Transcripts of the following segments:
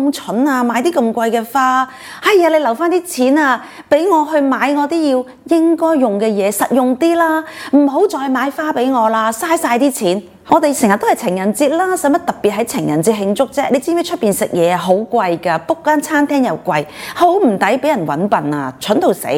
咁蠢啊！買啲咁貴嘅花，哎呀，你留返啲錢啊，畀我去買我啲要應該用嘅嘢，實用啲啦，唔好再買花畀我啦，嘥晒啲錢。 我哋成日都係情人節啦，使乜特別喺情人節慶祝啫？你知唔知出面食嘢好貴㗎，book 間餐廳又貴，好唔抵畀人搵笨啊，蠢到死！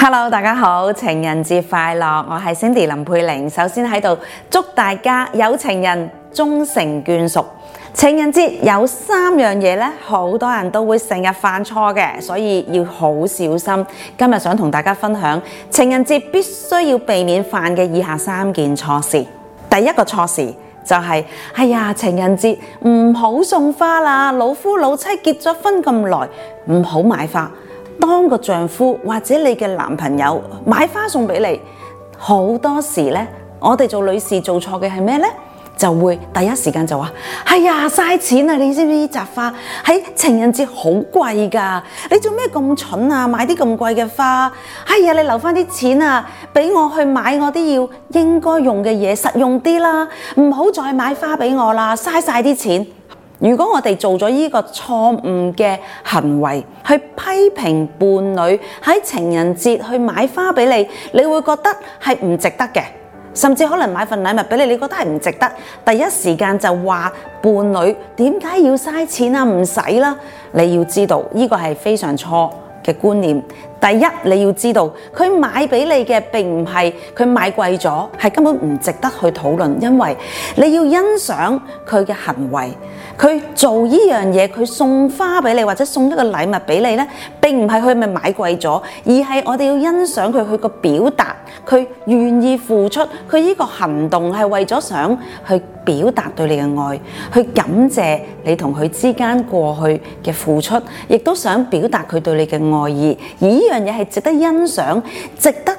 Hello，大家好，情人節快樂，我係 Cindy 林佩玲。首先喺度祝大家有情人終成眷屬。情人節有三樣嘢咧，好多人都會成日犯錯嘅，所以要好小心。今日想同大家分享情人節必須要避免犯嘅以下三件錯事。第一個錯事就係、是，哎呀，情人節唔好送花啦，老夫老妻結咗婚咁耐，唔好買花。當個丈夫或者你嘅男朋友買花送俾你，好多時呢，我哋做女士做錯嘅係咩呢？就會第一時間就話，哎啊，嘥錢啊！你知唔知呢扎花喺、哎、情人節好貴㗎。你做咩咁蠢啊，買啲咁貴嘅花。哎啊，你留返啲錢啊，俾我去買我啲要應該用嘅嘢，實用啲啦，唔好再買花俾我啦，嘥晒啲錢。如果我哋做咗呢個錯誤嘅行為，去批評伴侶喺情人節去買花俾你，你會覺得係唔值得嘅，甚至可能買份禮物俾你，你覺得係唔值得，第一時間就話伴侶點解要嘥錢啊？唔使啦！你要知道呢、個係非常錯嘅觀念。第一，你要知道佢買俾你嘅並唔係佢買貴咗，係根本唔值得去討論，因為你要欣賞佢嘅行為。佢做呢樣嘢，佢送花俾你或者送一個禮物俾你咧，並唔係佢咪買貴咗，而係我哋要欣賞佢佢個表達，佢願意付出，佢呢個行動係為咗想去表達對你嘅愛，去感謝你同佢之間過去嘅付出，亦都想表達佢對你嘅愛意，而呢樣嘢係值得欣賞，值得，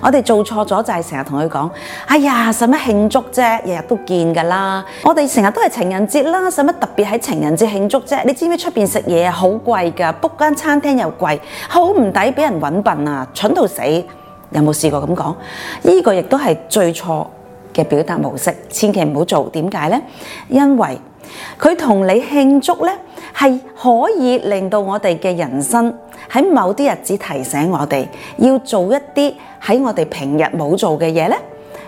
我哋做錯咗就係成日同佢講，哎呀，使乜慶祝啫？日日都見㗎啦，我哋成日都係情人節啦，使乜特別喺情人節慶祝啫？你知唔知出面食嘢好貴㗎？book 間餐廳又貴，好唔抵，俾人揾笨啊，蠢到死！有冇試過咁講？呢個亦都係最錯嘅表達模式，千祈唔好做。點解呢？因為佢同你慶祝呢，係可以令到我哋嘅人生喺某啲日子提醒我哋要做一啲喺我哋平日冇做嘅嘢呢，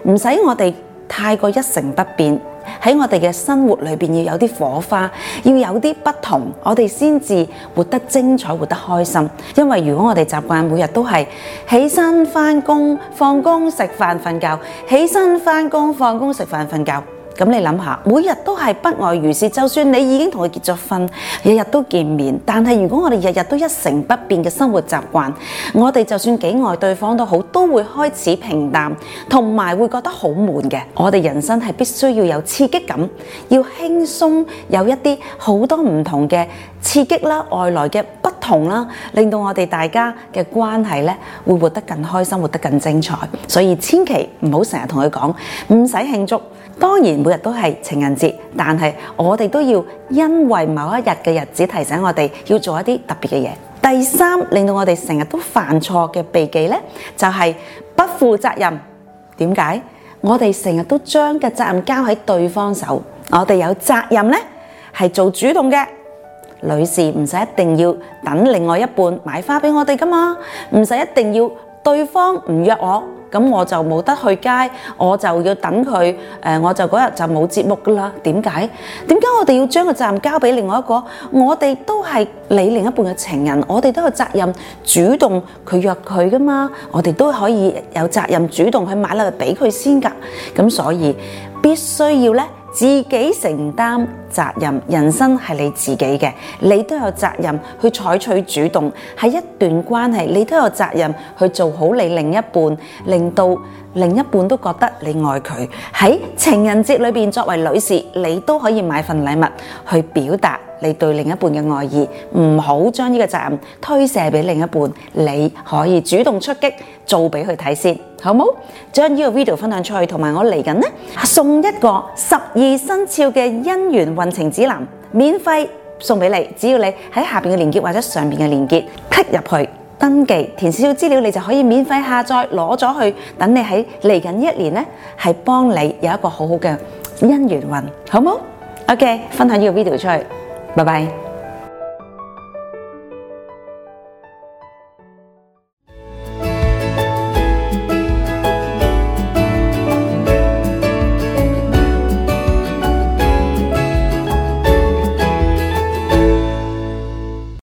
唔使我哋太過一成不變。喺我哋嘅生活裏邊要有啲火花，要有啲不同，我哋先至活得精彩，活得開心。因為如果我哋習慣每日都係起身翻工、放工食飯、瞓覺，起身翻工、放工食飯、瞓覺。咁你諗下，每日都係不外如是。就算你已經同佢結咗婚，日日都見面，但係如果我哋日日都一成不變嘅生活習慣，我哋就算幾愛對方都好，都會開始平淡，同埋會覺得好悶嘅。我哋人生係必須要有刺激感，要輕鬆，有一啲好多唔同嘅刺激啦，外來嘅不同啦，令到我哋大家嘅關係咧會活得更開心，活得更精彩。所以千祈唔好成日同佢講唔使慶祝。當然，每日都係情人節，但係我哋都要因為某一日嘅日子提醒我哋要做一啲特別嘅嘢。第三，令到我哋成日都犯錯嘅秘技呢，就係不負責任。點解？我哋成日都將嘅責任交喺對方手，我哋有責任呢係做主動嘅，女士唔使一定要等另外一半買花俾我哋㗎嘛，唔使一定要對方唔約我。咁我就冇得去街，我就要等佢。誒，我就嗰日就冇節目噶啦。點解？點解我哋要將個責任交俾另外一個？我哋都係你另一半嘅情人，我哋都有責任主動去約佢噶嘛。我哋都可以有責任主動去買嚟俾佢先噶。咁所以必須要咧，自己承擔。責任，人生係你自己嘅，你都有責任去採取主動。喺一段關係，你都有責任去做好你另一半，令到另一半都覺得你愛佢。喺情人節裏邊，作為女士，你都可以買份禮物去表達你對另一半嘅愛意。唔好將呢個責任推卸俾另一半，你可以主動出擊，做俾佢睇先，好冇？將呢個 video 分享出去，同埋我嚟緊呢送一個十二生肖嘅姻緣。運程指南免費送俾你，只要你喺下面嘅鏈接或者上面嘅鏈接 click 入去，登記填少少資料，你就可以免費下載攞咗去，等你喺嚟緊一年呢，係幫你有一個好好嘅姻緣運，好冇？OK，分享呢個 video 出去，拜拜。